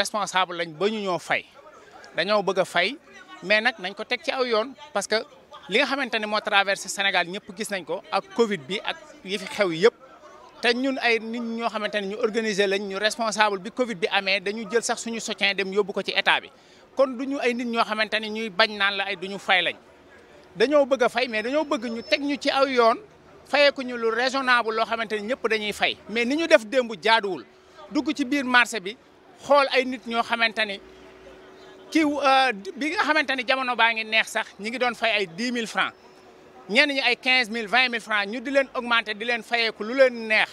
responsable lañ ba ñu ñoo fay dañoo bëgg a fay mais nag nañ ko teg ci aw yoon parce que li nga xamante ne moo traversé Sénégal ñëpp gis nañ ko ak Covid bi ak yi fi xew yëpp te ñun ay nit ñoo xamante ne ñu organiser lañ ñu responsable bi Covid bi amee dañu jël sax suñu soutien dem yóbbu ko ci état bi kon du ñu ay ñoo xamante ne ñuy bañ naan la ay du ñu fay lañ dañoo bëgg fay mais dañoo bëgg ñu teg ñu ci aw yoon fayeeku ñu lu raisonnable loo xamante ne ñëpp dañuy fay mais ni ñu def démb jaaduwul dugg ci biir marché bi xool ay nit ñoo xamante ni kii euh, bi nga xamante ni jamono baa ngi neex sax ñi ngi doon fay ay dix mille francs ñenn ay quinze mille vingt mille francs ñu di leen augmenter di leen fayeeku lu leen neex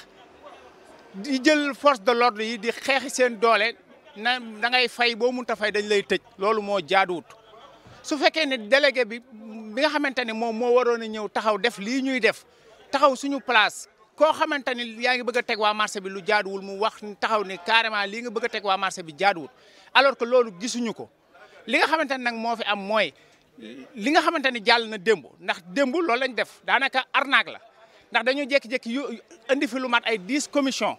di jël force de lord yi di xeexi seen doole na da ngay fay boo mënta fay dañ lay tëj loolu moo jaaduwut su fekkee ne délégué bi bi nga xamante ne moom moo waroon a ñëw taxaw def lii ñuy def taxaw suñu place koo xamante ni yaa ngi bëgg teg waa marché bi lu jaaduwul mu wax taxaw ni carrément lii nga bëgg teg waa marché bi jaaduwul alors que loolu gisuñu ko li nga xamante ne nag moo fi am mooy li nga xamante ni jàll na démb ndax démb loolu lañ def daanaka arnaque la ndax dañoo jékki-jékki yu indi fi lu mat ay dix commission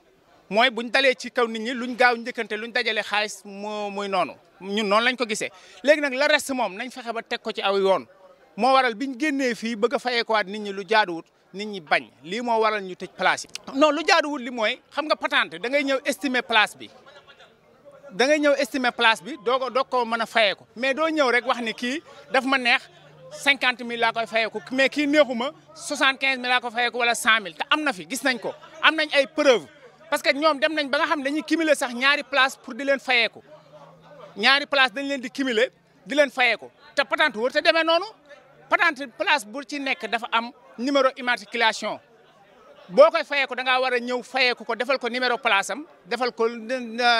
mooy bu ñu dalee ci kaw nit ñi lu ñu gaaw njëkkante luñ dajale xaalis moo muy noonu ñu noonu lañ ko gisee léegi nag la rest moom nañ fexe ba teg ko ci aw yoon moo waral biñ génnee fii bëgg a fayeekuwaat nit ñi lu jaaduwut nit ñi bañ lii moo waral ñu tëj place yi. non lu jaaduwul li mooy xam nga patente da ngay ñëw estimer place bi da ngay ñëw estimer place bi doo ko doo ko mën a fayee mais doo ñëw rek wax ni kii daf ma neex cinquante mille laa koy fayeeku mais kii neexuma soixante quinze mille laa ko fayeeku wala cent mille te am na fi gis nañ ko am nañ ay preuve parce que ñoom dem nañ ba nga xam ne dañuy cumuler sax ñaari place pour di leen fayeeku ñaari place dañ leen di cumuler di leen fayeeku te patente wër demee noonu patente place bu ci nekk dafa am numéro immatriculation boo koy fayeeku da ngaa war a ñëw fayeeku ko defal ko numéro place am defal ko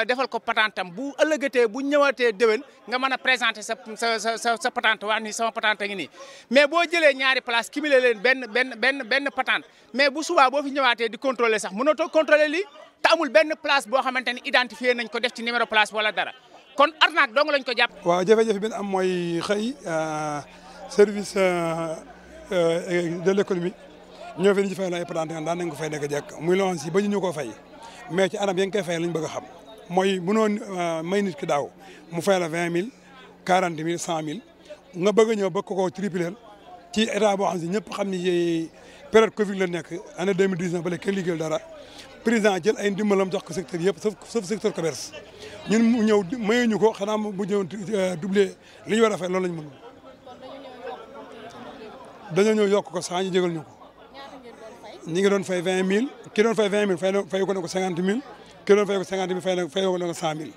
defal ko patente am bu ëllëgatee bu ñëwatee déwén nga mën a présenter sa sa sa sa patente wax ni sama patente ngi nii. mais boo jëlee ñaari place cumulé leen benn benn benn benn patente mais bu subaa boo fi ñëwaatee di contrôler sax mënatoo contrôler lii te benn place boo xamante ni nañ ko def ci numéro place wala dara kon arnaque dong lañ ko jàpp. waaw jafe-jafe bi am mooy xëy. Euh, service euh, euh, de l'économie ñoo fi ñu fay la ay plante yoon daan nañ ko fay nekk jekk muy loon si ba ñu ñu ko fay mais ci anam ya nga koy fay lañ bëgg a xam mooy mënoon euh, may nit ki daaw mu fay la vingt mille quarante mille cent mille nga bëgg a ñëw bëgg ko tripleel ci état boo xam si ñëpp xam ni période Covid la nekk année deux mille dix neuf ba léegi kenn dara président ay dimbalam jox ko secteur yëpp sauf sauf secteur commerce ñun mu ñëw mayuñu ko xanaa bu ñëw doublé li ñu war a fay loolu lañ mën dañoo ñëw yokk ko sax ñu jégal ñu ko ñi ngi doon fay vingt mille ki doon fay vingt mille fay fay ko ne ko cinquante mille ki doon fay ko cinquante mille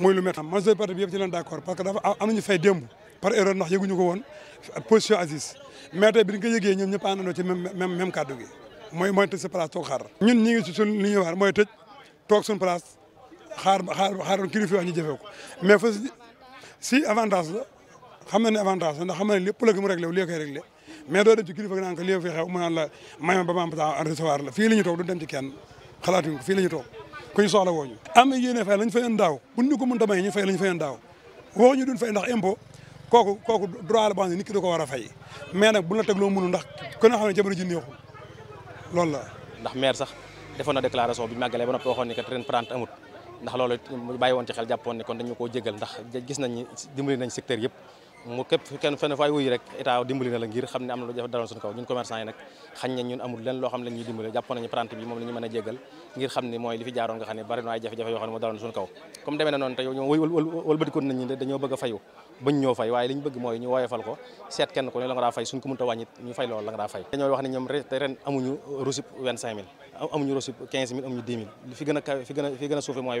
muy lu métti majorité parti bi yëpp ci leen d' accord parce que dafa am nañu fay démb par erreur ndax yëguñu ko woon position Aziz mais tey bi ñu ko yëgee ñoom ñëpp àndandoo ci même même même mooy mooy tëj sa place toog xaar ñu ñi ngi si suñ li ñuy wax mooy tëj toog suñ place xaar xaar xaaroon kilifa wax ñu jëfee ko mais fa si avantage la xam na ne avantage la ndax xam na ne lépp la ko mu réglé wu lii mais doo dem ci kilifa naan ko lii fi xew mu naan la may ba ma am temps recevoir la fii la toog du dem ci kenn xalaatuñ ko fii la ñu toog kuy soxla wooñu am yéene fay lañ fayoon daaw buñ ñu ko mën damay ñu fay lañ fayoon daaw wax ñu duñ ndax impôt kooku droit la boo xam ne ko war a fay mais nag bu la teg loo mënul ndax ku nga xam ne jamono ji neexul loolu la ndax maire sax defoon na déclaration bi màggalee ba noppi waxoon ni que amut ndax loolu bàyyi woon ci xel jàppoon ne kon dañu koo jégal ndax gis nañ ni dimbali nañ secteur mu képp kenn fenn faay rek état dimbali na la ngir xam ne amuñu recip 25000 amuñu recip amuñu 10000 fi fi gën a fi gën a suufe mooy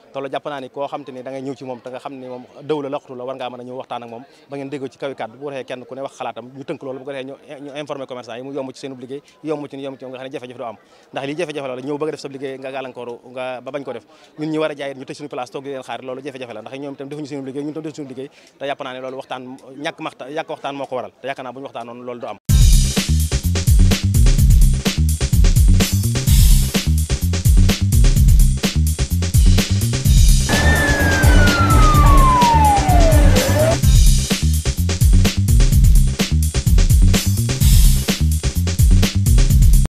te loolu jàpp xam te ni ñëw ci moom te xam ne moom dëw la laxtu la war ngaa mën a ñëw waxtaan moom ba ngeen déggoo ci kaw bu ko xalaatam ñëw bëgg def sa liggéey nga gàllankooru ba bañ ko def ñun ñi war a jaay ñu tëj suñu place toog di leen xaar loolu jafe la ndax ñoom itam defuñu seen liggéey ñun itam defuñu suñu am